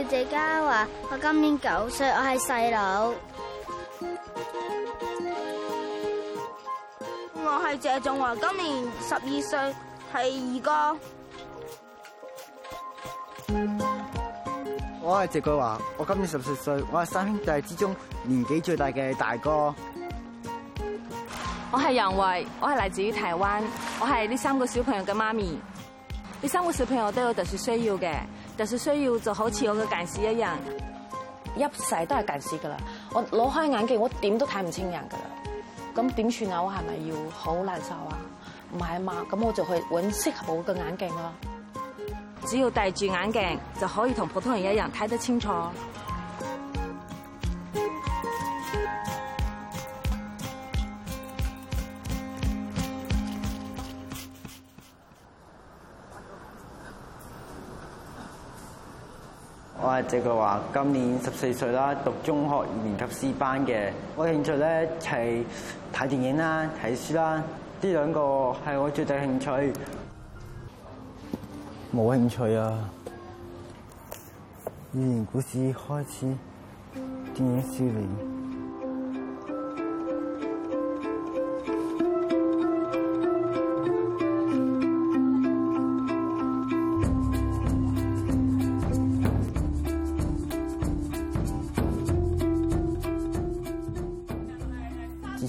我係謝家華，我今年九歲，我係細佬。我係謝仲華，今年十二歲，係二哥。我係謝居華，我今年十四歲，我係三兄弟之中年紀最大嘅大哥。我係楊慧，我係嚟自於台灣，我係呢三個小朋友嘅媽咪。呢三個小朋友都有特殊需要嘅。就算需要就好似我嘅近視一樣，一世都係近視噶啦。我攞開眼鏡，我點都睇唔清人噶啦。咁點算啊？我係咪要好難受啊？唔係啊嘛，咁我就去搵適合我嘅眼鏡啦。只要戴住眼鏡就可以同普通人一樣睇得清楚。我阿謝巨華，今年十四歲啦，讀中學二年級四班嘅。我興趣咧係睇電影啦、睇書啦，呢兩個係我最大興趣。冇興趣啊！以前股市開始，電影少年。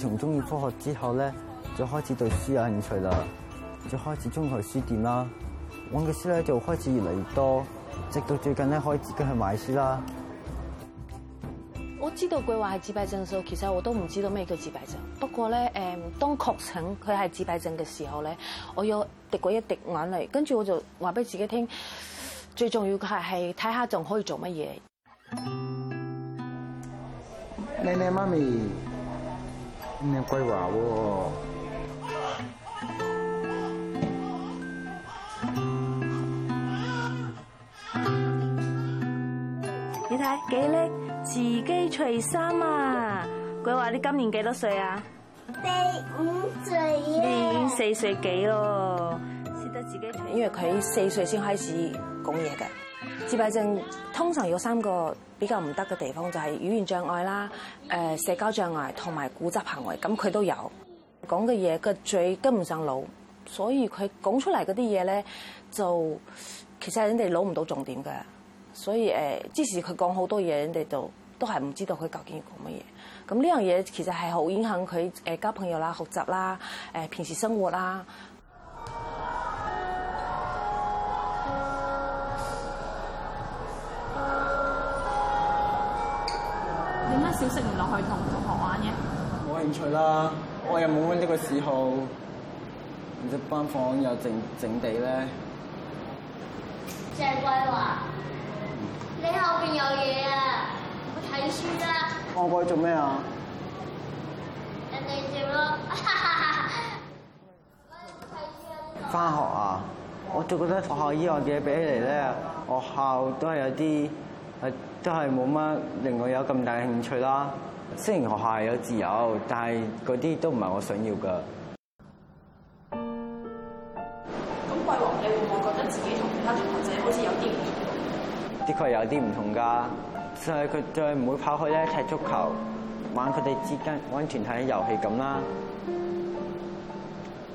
從中意科學之後咧，就開始對書有興趣啦，就開始中意去書店啦。揾嘅書咧就開始越嚟越多，直到最近咧開始自己去買書啦。我知道佢話係自閉症，所以其實我都唔知道咩叫自閉症。不過咧，誒，當確診佢係自閉症嘅時候咧，我有滴過一滴眼淚，跟住我就話俾自己聽，最重要嘅係係睇下仲可以做乜嘢。奶奶媽咪。話啊，你睇幾叻？自己除衫啊！佢話，你今年幾多歲啊？四五歲、啊、你已經四歲幾咯？識得自己除，因為佢四歲先開始講嘢嘅。自閉症通常有三個比較唔得嘅地方，就係語言障礙啦、誒社交障礙同埋固執行為，咁佢都有。講嘅嘢個嘴跟唔上腦，所以佢講出嚟嗰啲嘢咧，就其實係人哋攞唔到重點嘅。所以誒，即使佢講好多嘢，人哋就都係唔知道佢究竟要講乜嘢。咁呢樣嘢其實係好影響佢誒交朋友啦、學習啦、誒平時生活啦。興趣啦，我又冇乜呢個嗜好，唔知班房有靜靜地咧。謝君華，你後邊有嘢啊，去睇書啦。我過去做咩啊？人哋照咯。翻學啊，我仲覺得學校以外嘅嘢比起嚟咧，學校都係有啲，係都係冇乜令我有咁大興趣啦。雖然學校有自由，但係嗰啲都唔係我想要㗎。咁桂王，你會唔會覺得自己同其他同學仔好似有啲唔同？的確有啲唔同㗎，就係佢再唔會跑去咧踢足球，玩佢哋之間玩團體遊戲咁啦。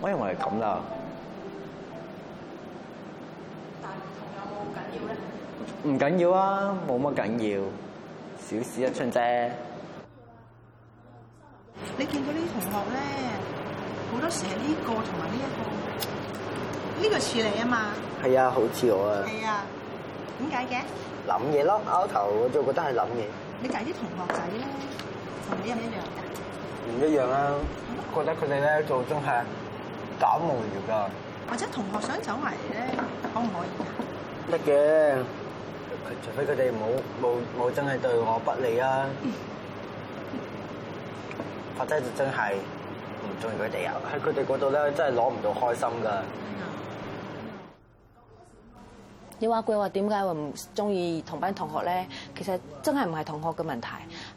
我認為係咁啦。但係唔同有冇緊要咧？唔緊要啊，冇乜緊要，小事一樁啫。你見到啲同學咧，好多時係呢個同埋呢一個，呢、呢個似你啊嘛？係啊，好似我啊。係啊，點解嘅？諗嘢咯，拗頭我就覺得係諗嘢。你就啲同學仔啦，同你有唔一樣㗎？唔一樣啊，吧覺得佢哋咧做中係搞無聊㗎。或者同學想走埋嚟咧，可唔可以㗎？得嘅，除非佢哋冇冇冇真係對我不利啊。嗯或者就真係唔中意佢哋啊！喺佢哋嗰度咧，真係攞唔到開心噶。你話佢話點解話唔中意同班同學咧？其實真係唔係同學嘅問題，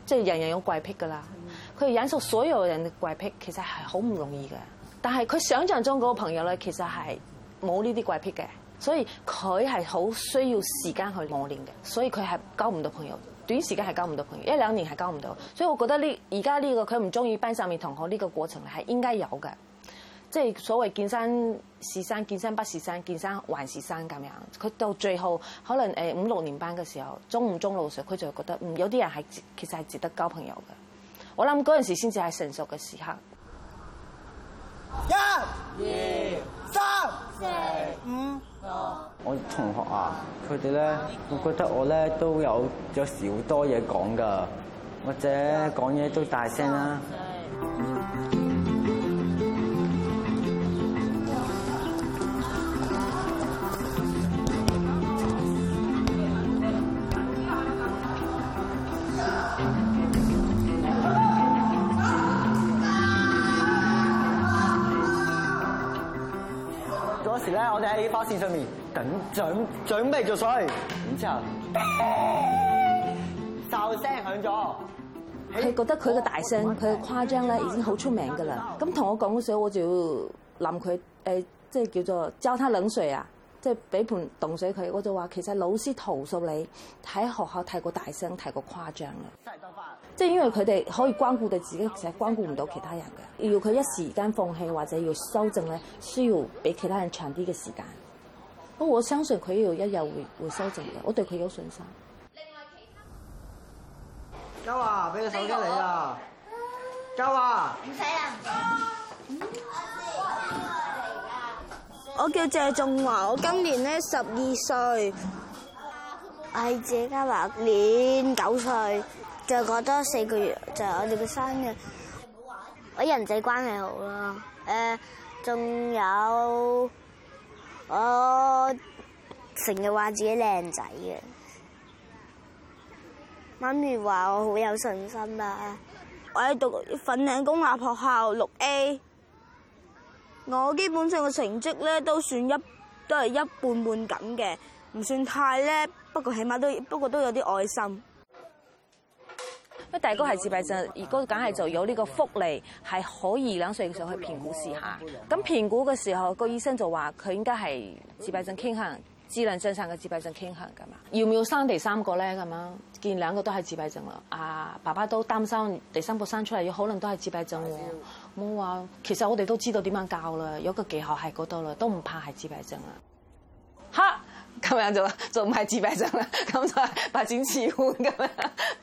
即係人人有怪癖噶啦。佢忍受所有人嘅怪癖，其實係好唔容易嘅。但係佢想像中嗰個朋友咧，其實係冇呢啲怪癖嘅，所以佢係好需要時間去磨練嘅，所以佢係交唔到朋友。短時間係交唔到朋友，一兩年係交唔到，所以我覺得呢而家呢個佢唔中意班上面同學呢個過程係應該有嘅，即係所謂見山是山，見山不是山，見山還是山咁樣。佢到最後可能誒五六年班嘅時候，中五中六時，佢就會覺得，嗯，有啲人係其實係值得交朋友嘅。我諗嗰陣時先至係成熟嘅時刻。一、二、三、四。嗯。我同學啊，佢哋咧，我覺得我咧都有少少多嘢講㗎，或者講嘢都大聲啦、啊。嗯上面等準準備做叫水，然之後哨聲響咗。佢覺得佢嘅大聲，佢嘅誇張咧已經好出名噶啦。咁同我講嘅時候，我就要淋佢誒，即係叫做澆他冷水啊，即係俾盆凍水佢。我就話其實老師投訴你喺學校太過大聲，太過誇張嘅。即係因為佢哋可以關顧到自己，其實關顧唔到其他人嘅。要佢一時間放棄或者要修正咧，需要比其他人長啲嘅時間。我相信佢要一日會會修正嘅，我對佢有信心。嘉華，俾個手機你啦。嘉華。唔使啊！我叫謝仲華，我今年咧十二歲。係謝嘉華，年九歲。再過多四個月就係我哋嘅生日。我人際關係好咯。誒，仲有。我成日話自己靚仔嘅，媽咪話我好有信心啊。我喺讀粉嶺公立學校六 A，我基本上嘅成績咧都算一，都係一半半咁嘅，唔算太叻，不過起碼都不過都有啲愛心。因為大哥係自閉症，如果梗係就有呢個福利，係、嗯嗯、可以兩歲嘅時候去評估試下。咁評、嗯嗯嗯嗯、估嘅時候，個、嗯嗯、醫生就話佢應該係自閉症傾向，嗯嗯、智能正常嘅自閉症傾向㗎嘛。要唔要生第三個咧？咁樣見兩個都係自閉症啦，啊爸爸都擔心第三個生出嚟，有可能都係自閉症喎。冇話、嗯啊，其實我哋都知道點樣教啦，有個技巧係嗰度啦，都唔怕係自閉症啦。.咁樣就就唔係自閉症啦，咁就發展遲緩咁樣。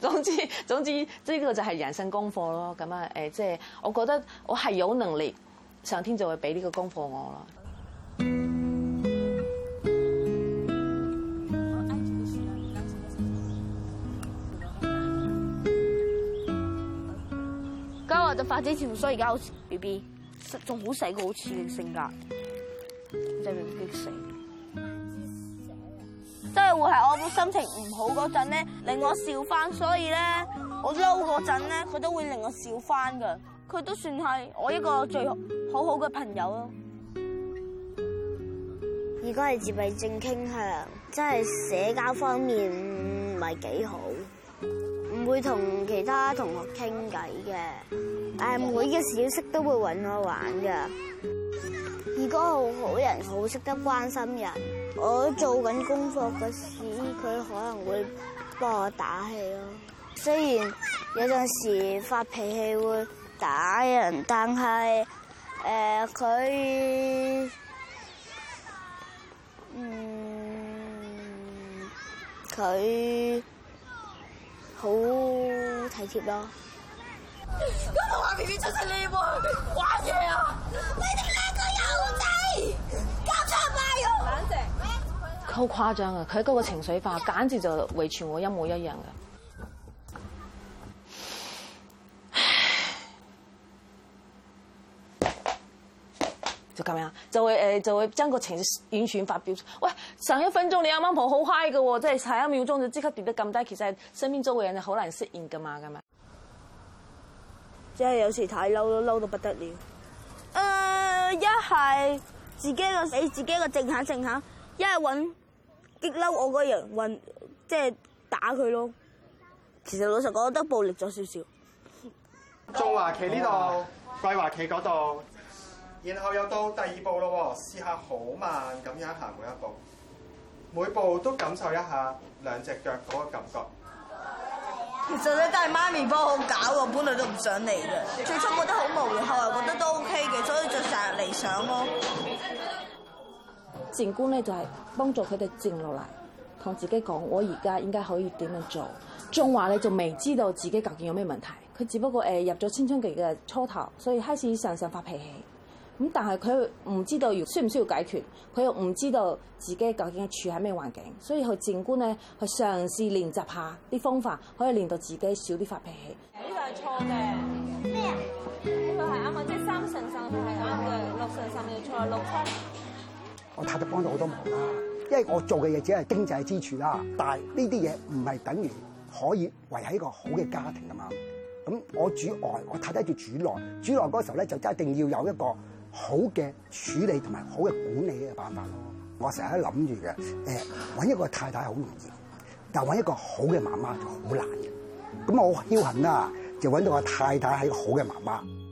總之總之，呢個就係人生功課咯。咁啊誒，即係我覺得我係有能力，上天就會俾呢個功課我啦。今日就發展遲緩，所以而家好似 BB，仲好細個，好似性格即係激死。寶寶寶寶寶寶寶寶都係會係我心情唔好嗰陣咧，令我笑翻，所以咧我嬲嗰陣咧，佢都會令我笑翻噶。佢都算係我一個最好好嘅朋友咯。如果係自閉症傾向，即係社交方面唔係幾好，唔會同其他同學傾偈嘅。誒，每嘅小息都會搵我玩㗎。如果係好好人，好識得關心人。我做緊功課嘅時候，佢可能會幫我打氣咯。雖然有陣時發脾氣會打人，但係誒佢，嗯佢好體貼咯。我話 B B 出晒力玩嘢啊！你哋兩個幼稚。好誇張啊！佢嗰個情緒化，簡直就遺傳我一模一樣嘅。就咁樣，就會誒、呃，就會將個情緒完全發表。喂，上一分鐘你阿媽婆好嗨 i 嘅喎，即、就、係、是、下一秒鐘就即刻跌得咁低。其實係身邊周圍人係好難適應嘅嘛，係咪？即係有時太嬲都嬲到不得了。一係、呃、自己個死，自己個靜下靜下，靜一係揾。激嬲我嗰人，即係打佢咯。其實老實講，我覺得暴力咗少少。中華旗呢度，桂哇華旗嗰度，然後又到第二步咯喎。試下好慢咁樣行每一步，每步都感受一下兩隻腳嗰個感覺。其實咧都係媽咪幫我好搞喎，本來都唔想嚟嘅，最初覺得好無聊，後來覺得都 O K 嘅，所以就成日嚟上咯。靜觀咧就係、是、幫助佢哋靜落嚟，同自己講我而家應該可以點樣做。仲話咧仲未知道自己究竟有咩問題，佢只不過誒入咗青春期嘅初頭，所以開始常常發脾氣。咁但係佢唔知道要需唔需要解決，佢又唔知道自己究竟係處喺咩環境，所以去靜觀咧去嘗試練習下啲方法，可以令到自己少啲發脾氣。呢個係錯嘅咩？呢個係啱嘅，即係三神神係啱嘅，六神神要錯六分。我太太幫咗好多忙啦，因為我做嘅嘢只係經濟支柱啦，但係呢啲嘢唔係等於可以維係一個好嘅家庭噶嘛。咁我主外，我太太叫主內，主內嗰時候咧就一定要有一個好嘅處理同埋好嘅管理嘅辦法咯。我成日喺度諗住嘅，誒、欸、揾一個太太好容易，但係揾一個好嘅媽媽就好難嘅。咁我僥幸啦，就揾到我太太係一個好嘅媽媽。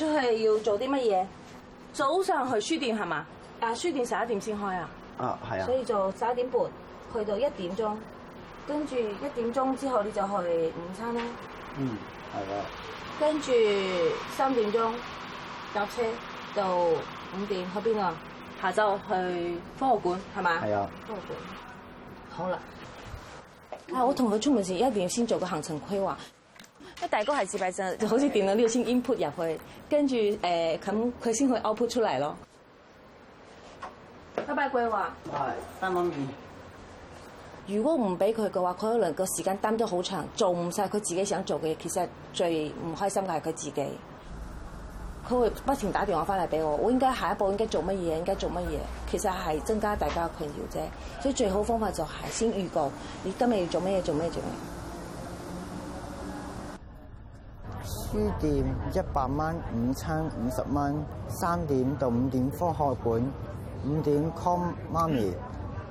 出去要做啲乜嘢？早上去書店係嘛？但係、啊、書店十一點先開啊。啊，係啊。所以就十一點半去到一點鐘，跟住一點鐘之後你就去午餐啦。嗯，係啊。跟住三點鐘搭車到五點去邊啊？下晝去科學館係嘛？係啊。科學館。好啦。嗯、啊，我同佢出門時一定要先做個行程規劃。即大哥係自閉症，就好似電腦呢要先 input 入去，的跟住誒咁、呃、佢先可以 output 出嚟咯。拜拜，計劃，係三萬，如果唔俾佢嘅話，佢可能個時間擔咗好長，做唔晒佢自己想做嘅嘢，其實最唔開心嘅係佢自己。佢會不停打電話翻嚟俾我，我應該下一步應該做乜嘢？應該做乜嘢？其實係增加大家嘅困擾啫。所以最好方法就係先預告，你今日要做咩？做咩？做咩？書店一百蚊，午餐五十蚊，三點到五點科學館，五點 call 媽咪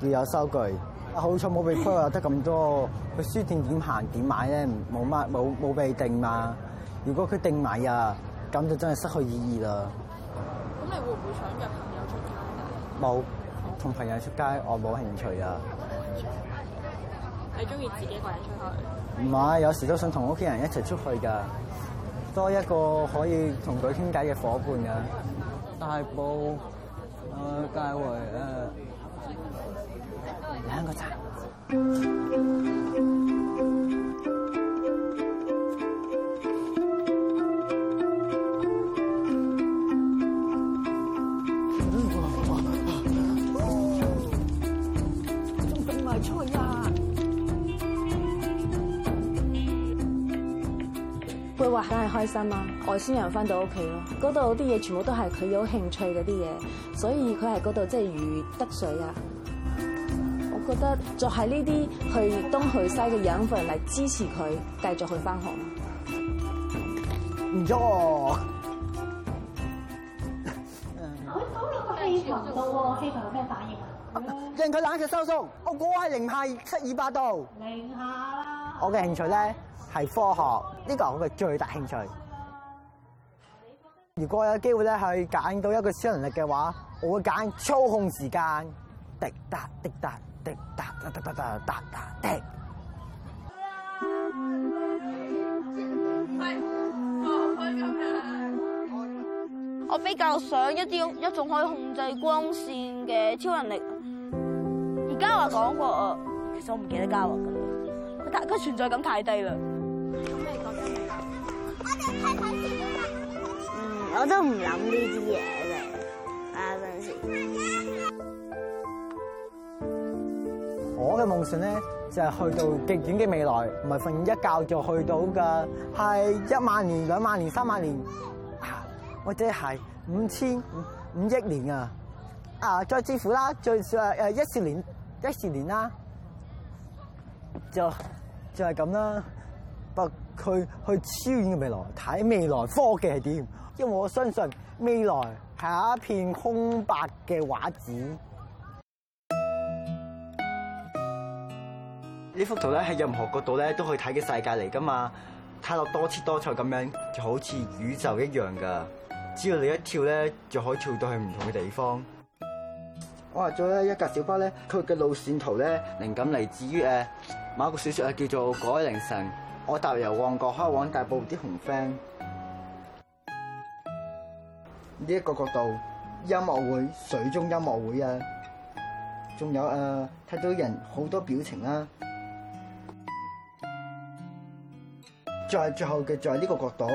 要有收據。好彩冇被規劃得咁多，去書店點行點買咧？冇乜冇冇被定嘛？如果佢定買啊，咁就真係失去意義啦。咁你會唔會想約朋友出街噶？冇，同朋友出街我冇興趣啊。你中意自己一個人出去？唔係，有時都想同屋企人一齊出去噶。多一個可以同佢傾偈嘅夥伴㗎，大埔誒，大圍誒兩個站。開心啊！外星人翻到屋企咯，嗰度啲嘢全部都係佢有興趣嗰啲嘢，所以佢喺嗰度即係如魚得水啊！我覺得就係呢啲去東去西嘅養分嚟支持佢繼續去翻學。唔錯、嗯。佢講到個氣球度，氣球有咩反應啊？令佢冷嘅收縮。 我估係零下七二八度。零下啦。我嘅興趣咧？係科學呢個係我嘅最大興趣。如果有機會咧，去揀到一個超能力嘅話，我會揀操控時間。滴答滴答滴答滴答，噠答，噠噠滴。我比較想一啲一種可以控制光線嘅超能力。嘉華講過，其實我唔記得嘉華噶啦，佢但佢存在感太低啦。咁你講緊咩啊？我哋睇睇先啦。嗯，我都唔諗呢啲嘢嘅啊！我嘅夢想咧就係去到極遠嘅未來，唔係瞓一覺就去到噶，係一萬年、兩萬年、三萬年啊！或者係五千五億年啊！啊，再支付啦，最少誒誒一四年，一四年啦，就就係咁啦。佢去超遠嘅未來睇未來科技係點，因為我相信未來係一片空白嘅畫紙。呢幅圖咧，喺任何角度咧都可以睇嘅世界嚟噶嘛，睇落多姿多彩咁樣，就好似宇宙一樣噶。只要你一跳咧，就可以跳到去唔同嘅地方。我做咧一格小巴咧，佢嘅路線圖咧，靈感嚟自於誒、啊、某一個小說啊，叫做《改凌神》。我搭由旺角開往大埔啲紅 friend，呢一個角度音樂會、水中音樂會啊，仲有誒、啊、睇到人好多表情啦、啊。最最後嘅就係呢個角度，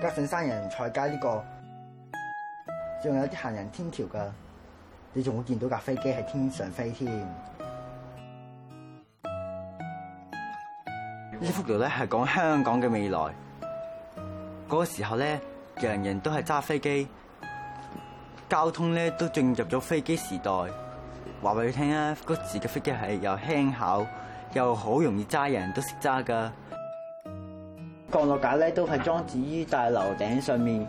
加上 山人菜街呢、這個。仲有啲行人天橋噶，你仲會見到架飛機喺天上飛添。呢幅圖咧係講香港嘅未來，嗰個時候咧，人人都係揸飛機，交通咧都進入咗飛機時代。話俾你聽啊，嗰時嘅飛機係又輕巧，又好容易揸，人人都識揸噶。降落架咧都係裝置於大樓頂上面。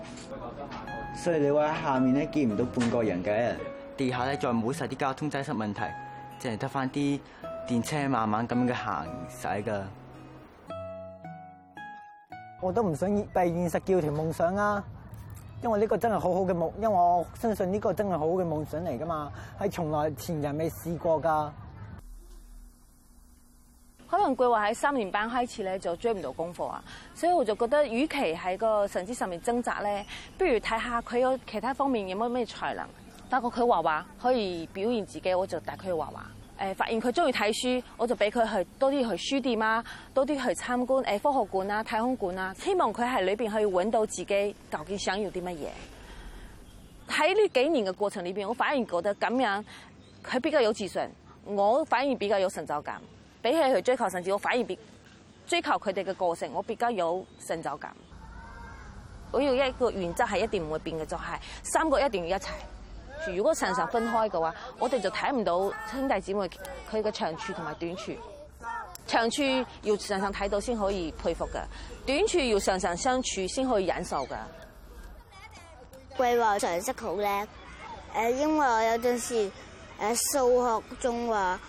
所以你話喺下面咧見唔到半個人嘅，地下咧再冇晒啲交通擠塞問題，淨係得翻啲電車慢慢咁樣嘅行駛㗎。我都唔想被現實叫停夢想啊，因為呢個真係好好嘅夢，因為我相信呢個真係好好嘅夢想嚟㗎嘛，係從來前人未試過㗎。可能佢話喺三年班開始咧就追唔到功課啊，所以我就覺得，與其喺個神智上面掙扎咧，不如睇下佢有其他方面有冇咩才能。發覺佢畫畫可以表現自己，我就帶佢去畫畫。誒、哎，發現佢中意睇書，我就俾佢去多啲去書店啊，多啲去參觀誒科學館啊、太空館啊。希望佢喺裏邊可以揾到自己究竟想要啲乜嘢。喺呢幾年嘅過程裏邊，我反而覺得咁樣佢比較有自信，我反而比較有成就感。比起去追求成就，我反而追求佢哋嘅個性，我比較有成就感。我要一個原則係一定唔會變嘅，就係、是、三個一定要一齊。如果常常分開嘅話，我哋就睇唔到兄弟姊妹佢嘅長處同埋短處。長處要常常睇到先可以佩服嘅，短處要常常相處先可以忍受嘅。你話常識好叻，因為我有陣時誒數學中話。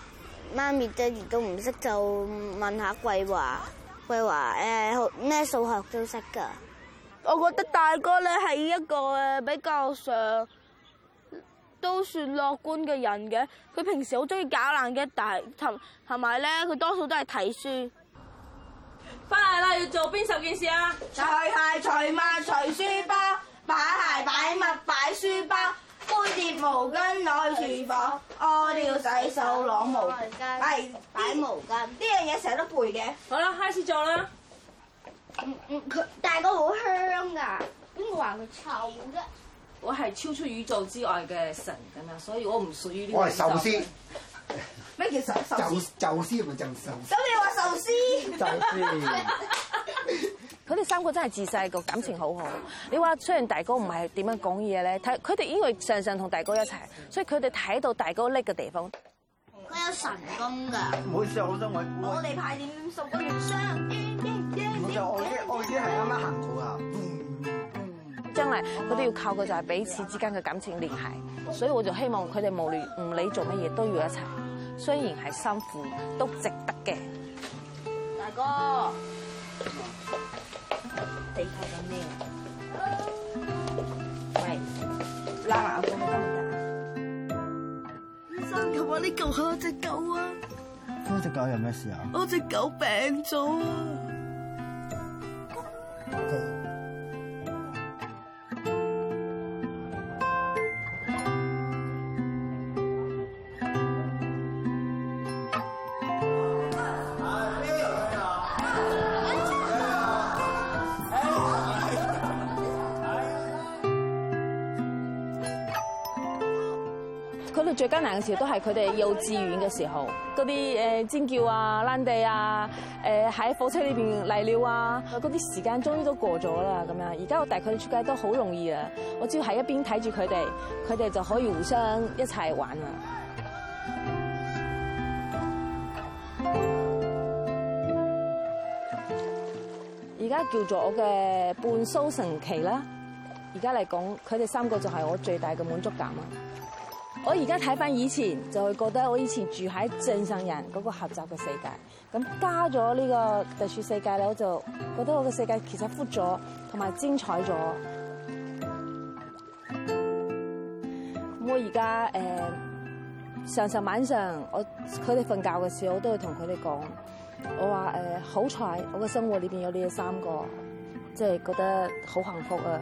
媽咪，即如果唔識，就問下桂華。桂華誒，咩數學都識噶。我覺得大哥咧係一個比較上，都算樂觀嘅人嘅。佢平時好中意搞爛嘅，但係同同埋咧，佢多數都係睇書。翻嚟啦，要做邊十件事啊？除鞋、除襪、除書包，擺鞋、擺襪、擺書包。折碟毛巾攞去廚房，屙尿洗手攞毛巾，係擺毛巾。呢樣嘢成日都背嘅。好啦，開始做啦。嗯。嗯嗯，佢大佬好香噶，邊個話佢臭啫？我係超出宇宙之外嘅神噶，所以我唔屬於呢個。我係壽司。咩叫壽壽壽壽司？咪就壽。咁你話壽司？壽司。佢哋三個真係自細個感情好好。你話雖然大哥唔係點樣講嘢咧，睇佢哋因為常常同大哥一齊，所以佢哋睇到大哥叻嘅地方。佢、嗯、有神功㗎。冇意思好多想揾。我哋派點送個藥箱？唔好意思，我我已經係啱啱行到啊。嗯。將來佢哋要靠嘅就係彼此之間嘅感情聯繫，所以我就希望佢哋無論唔理做乜嘢都要一齊。雖然係辛苦，都值得嘅。大哥。狗有咩事啊？我隻狗病咗啊！有時都係佢哋幼稚園嘅時候，嗰啲誒尖叫啊、𨅬 地啊、誒、呃、喺火車裏邊瀨尿啊，嗰啲時間終於都過咗啦，咁樣。而家我帶佢哋出街都好容易啊，我只要喺一邊睇住佢哋，佢哋就可以互相一齊玩啦。而家 叫做我嘅半蘇神奇啦，而家嚟講，佢哋三個就係我最大嘅滿足感啦！我而家睇翻以前，就會覺得我以前住喺正常人嗰個狹窄嘅世界，咁加咗呢個特殊世界咧，我就覺得我嘅世界其實闊咗，同埋精彩咗。咁我而家誒，常常晚上我佢哋瞓覺嘅時候，我都會同佢哋講，我話誒好彩，我嘅生活裏邊有呢三個，即係覺得好幸福啊！